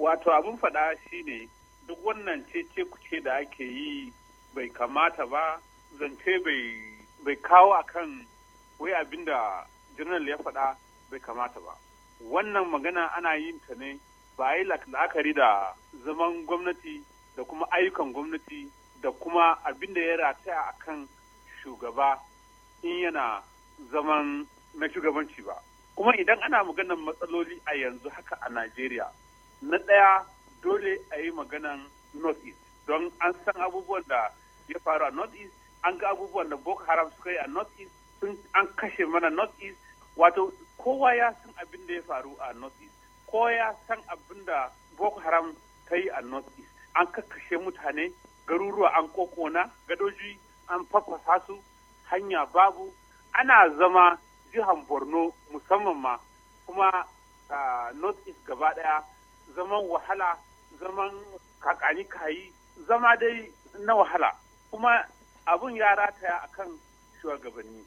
wato abin faɗa shine duk wannan cece kuce da ake yi bai kamata ba zance bai kawo akan wai abin da jirnal ya faɗa bai kamata ba wannan magana ana yin ta ne ba yi la'akari da zaman gwamnati da kuma ayyukan gwamnati da kuma abin da ya rataya a kan shugaba in yana zaman na shugabanci ba kuma idan ana maganar matsaloli a yanzu haka a najeriya na ɗaya dole a yi maganan north east don an san abubuwan da ya faru a north east an ga abubuwan da boko haram suka yi a north east sun an kashe mana north east wato kowa ya san abin da ya faru a north east kowa ya san abin da boko haram ta yi a north east an kakkashe mutane garuruwa an kokona gadoji an fafasa su hanya babu ana zama jihar borno musamman ma kuma ah, north east gaba daya zaman wahala zaman kakani kayi zama dai na wahala kuma abun ya rataya akan shugabanni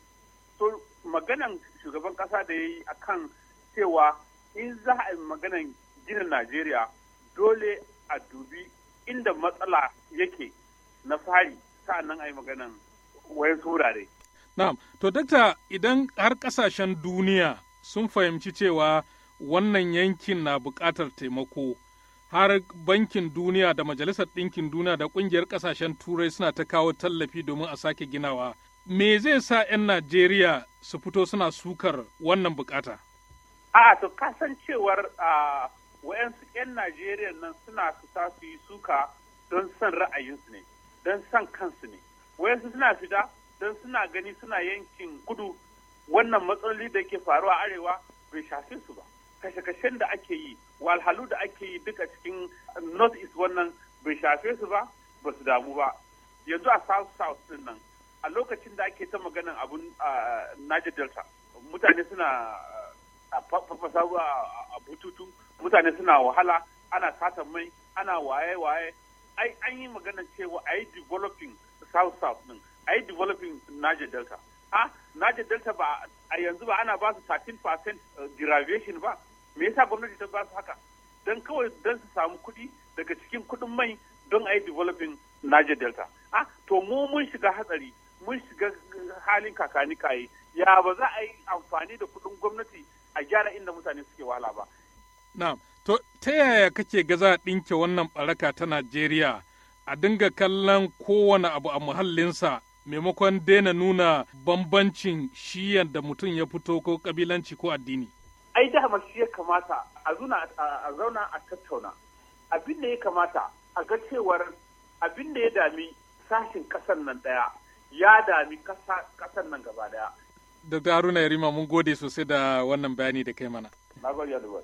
to maganan shugaban kasa da ya yi akan cewa in za a yi maganan gina najeriya dole a dubi inda matsala yake na fari sa'annan a yi maganan wayan wurare. Na'am, to dakta idan har kasashen duniya sun fahimci cewa wannan yankin na buƙatar taimako har bankin duniya da majalisar ɗinkin duniya da ƙungiyar ƙasashen turai suna ta kawo tallafi domin a sake ginawa me zai sa 'yan najeriya su fito suna sukar wannan bukata a to kasancewar wa'yansu 'yan najeriya nan suna fita su yi suka don son ra'ayinsu ne don son kansu ne wa'yansu suna fita don suna gani suna yankin kudu wannan matsaloli da ke faruwa arewa bai shafe su ba kashe-kashen da ake yi walhalu da ake yi duka cikin north east wannan bai shafe su ba ba su damu ba yanzu a south south din nan a lokacin da ake ta maganan abun niger delta mutane suna fafasa a bututu mutane suna wahala ana satan mai ana waye-waye ai an yi magana cewa a yi developing south south din a yi developing niger delta a ah, niger delta ba a yanzu ba ana ba su 13% eh, derivation ba me yasa gwamnati ta ba su haka don kawai don su samu kuɗi daga cikin kuɗin mai don a yi developing Niger Delta A, ah, to mu mun shiga hatsari mun shiga halin kakani kaye ya ba za a yi amfani da kuɗin gwamnati a gyara inda mutane suke wahala ba na'am to ta yaya kake gaza ɗinke wannan ɓaraka ta Najeriya a dinga kallon kowane abu a muhallinsa maimakon daina nuna bambancin shiyan da mutum ya fito ko kabilanci ko addini. ai dama shi ya kamata a zauna a tattauna abin da ya kamata a ga cewar abin da ya dami sashin kasan nan daya ya dami kasan nan gaba daya. Dr. Haruna Yarima mun gode sosai da wannan bayani da kai mana. Na